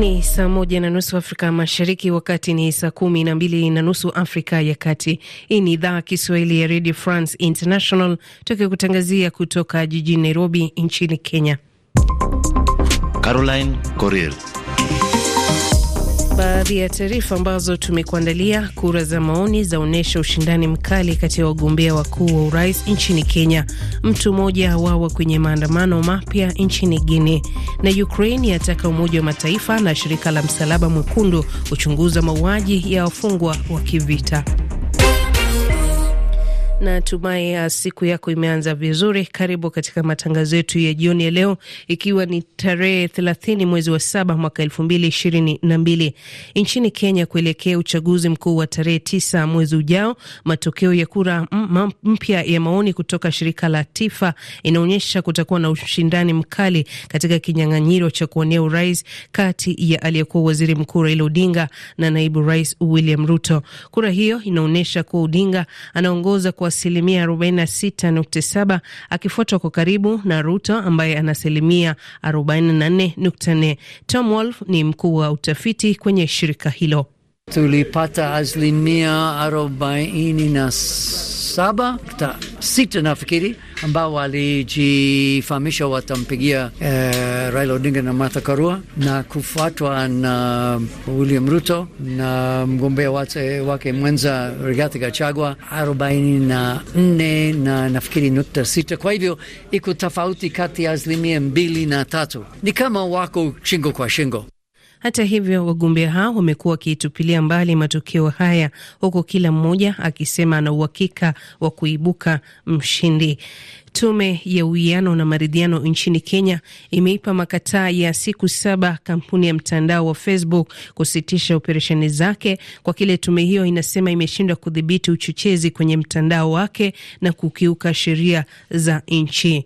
Ni saa moja na nusu Afrika Mashariki, wakati ni saa kumi na mbili na nusu Afrika ya Kati. Hii ni idhaa Kiswahili ya Radio France International, tukikutangazia kutoka jijini Nairobi nchini Kenya. Caroline Corel Baadhi ya taarifa ambazo tumekuandalia: kura za maoni zaonyesha ushindani mkali kati ya wagombea wakuu wa urais nchini Kenya, mtu mmoja wawa kwenye maandamano mapya nchini Guine, na Ukraine yataka Umoja wa Mataifa na shirika la Msalaba Mwekundu kuchunguza mauaji ya wafungwa wa kivita. Natumai ya uh, siku yako imeanza vizuri. Karibu katika matangazo yetu ya jioni ya leo, ikiwa ni tarehe thelathini mwezi wa saba mwaka mbili Nchini Kenya, kuelekea uchaguzi mkuu wa tarehe tisa mwezi ujao, matokeo ya kura mpya ya maoni kutoka shirika la Tifa inaonyesha kutakuwa na ushindani mkali katika kinyang'anyiro cha kuonea urais kati ya aliyekuwa waziri mkuu Raila Odinga na naibu rais William Ruto. Kura hiyo inaonyesha kuwa Odinga anaongoza kwa asilimia 46.7 akifuatwa kwa karibu na Ruto ambaye ana asilimia 44.4. Tom Wolf ni mkuu wa utafiti kwenye shirika hilo. Tulipata asilimia arobaini na saba sita nafikiri, ambao walijifahamisha watampigia eh, Raila Odinga na Martha Karua na kufuatwa na William Ruto na mgombea wake mwenza Rigathi Gachagua arobaini na nne na nafikiri nukta sita. Kwa hivyo iko tofauti kati ya asilimia mbili na tatu, ni kama wako shingo kwa shingo. Hata hivyo, wagombea hao wamekuwa wakiitupilia mbali matokeo haya, huku kila mmoja akisema ana uhakika wa kuibuka mshindi. Tume ya uwiano na maridhiano nchini Kenya imeipa makataa ya siku saba kampuni ya mtandao wa Facebook kusitisha operesheni zake kwa kile tume hiyo inasema imeshindwa kudhibiti uchochezi kwenye mtandao wake na kukiuka sheria za nchi.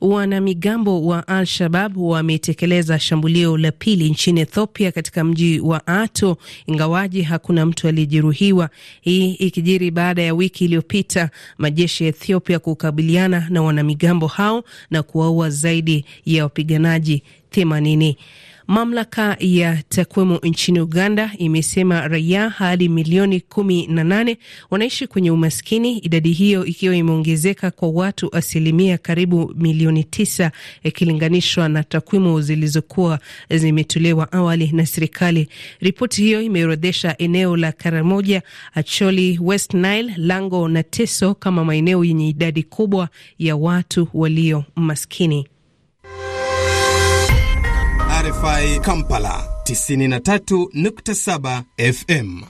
Wanamigambo wa Al Shabab wametekeleza shambulio la pili nchini Ethiopia katika mji wa Ato, ingawaji hakuna mtu aliyejeruhiwa, hii ikijiri baada ya wiki iliyopita majeshi ya Ethiopia kukabiliana na wanamigambo hao na kuwaua zaidi ya wapiganaji themanini. Mamlaka ya takwimu nchini Uganda imesema raia hadi milioni kumi na nane wanaishi kwenye umaskini, idadi hiyo ikiwa imeongezeka kwa watu asilimia karibu milioni tisa ikilinganishwa na takwimu zilizokuwa zimetolewa awali na serikali. Ripoti hiyo imeorodhesha eneo la Karamoja, Acholi, West Nile, Lango na Teso kama maeneo yenye idadi kubwa ya watu walio maskini. RFI Kampala 93.7 FM.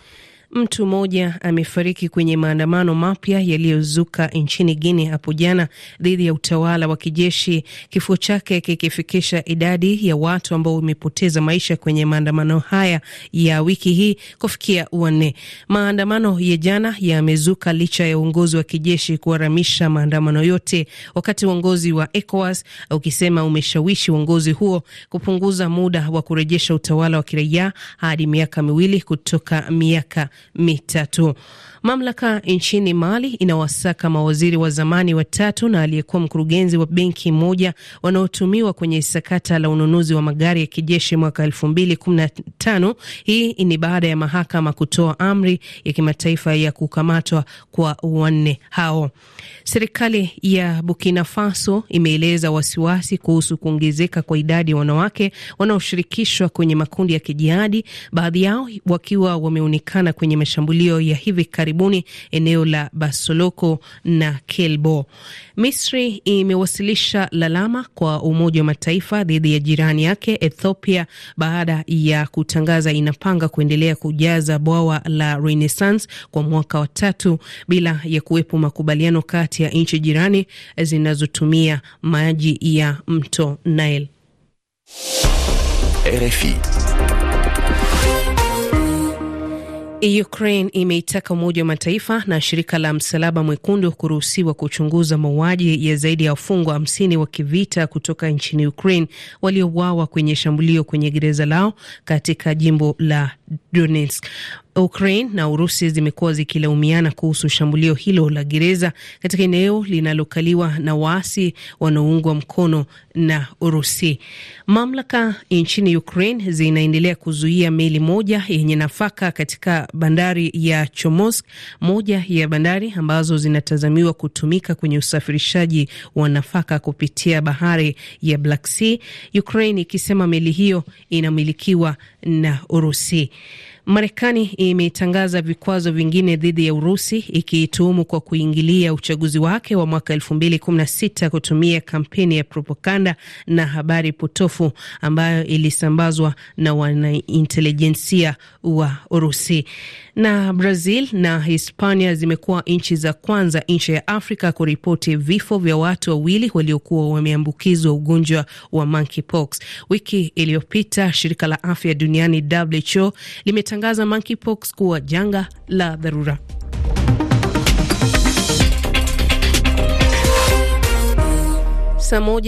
Mtu mmoja amefariki kwenye maandamano mapya yaliyozuka nchini Guinea hapo jana dhidi ya utawala wa kijeshi, kifo chake kikifikisha idadi ya watu ambao wamepoteza maisha kwenye maandamano haya ya wiki hii kufikia wanne. Maandamano ya jana yamezuka licha ya uongozi wa kijeshi kuharamisha maandamano yote, wakati uongozi wa ECOWAS ukisema umeshawishi uongozi huo kupunguza muda wa kurejesha utawala wa kiraia hadi miaka miwili kutoka miaka mitatu. Mamlaka nchini Mali inawasaka mawaziri wa zamani watatu na aliyekuwa mkurugenzi wa benki moja wanaotumiwa kwenye sakata la ununuzi wa magari ya kijeshi mwaka elfu mbili kumi na tano. Hii ni baada ya mahakama kutoa amri ya kimataifa ya kukamatwa kwa wanne hao. Serikali ya Burkina Faso imeeleza wasiwasi kuhusu kuongezeka kwa idadi ya wanawake wanaoshirikishwa kwenye makundi ya kijihadi, baadhi yao wakiwa wameonekana kwenye kwenye mashambulio ya hivi karibuni eneo la Basoloko na Kelbo. Misri imewasilisha lalama kwa Umoja wa Mataifa dhidi ya jirani yake Ethiopia baada ya kutangaza inapanga kuendelea kujaza bwawa la Renaissance kwa mwaka wa tatu bila ya kuwepo makubaliano kati ya nchi jirani zinazotumia maji ya mto Nile. RFI Ukraine imeitaka Umoja wa Mataifa na shirika la Msalaba Mwekundu kuruhusiwa kuchunguza mauaji ya zaidi ya wafungwa hamsini wa kivita kutoka nchini Ukraine waliouawa kwenye shambulio kwenye gereza lao katika jimbo la Donetsk. Ukraine na Urusi zimekuwa zikilaumiana kuhusu shambulio hilo la gereza katika eneo linalokaliwa na waasi wanaoungwa mkono na Urusi. Mamlaka nchini Ukraine zinaendelea kuzuia meli moja yenye nafaka katika bandari ya chomosk moja ya bandari ambazo zinatazamiwa kutumika kwenye usafirishaji wa nafaka kupitia bahari ya Black Sea, Ukraine ikisema meli hiyo inamilikiwa na Urusi. Marekani imetangaza vikwazo vingine dhidi ya Urusi ikiituhumu kwa kuingilia uchaguzi wake wa mwaka elfu mbili kumi na sita kutumia kampeni ya propaganda na habari potofu ambayo ilisambazwa na wanaintelijensia wa Urusi. Na Brazil na Hispania zimekuwa nchi za kwanza nchi ya Afrika kuripoti vifo vya watu wawili waliokuwa wameambukizwa ugonjwa wa monkeypox. Wiki iliyopita shirika la afya duniani WHO limetangaza kutangaza monkeypox kuwa janga la dharura. Saa moja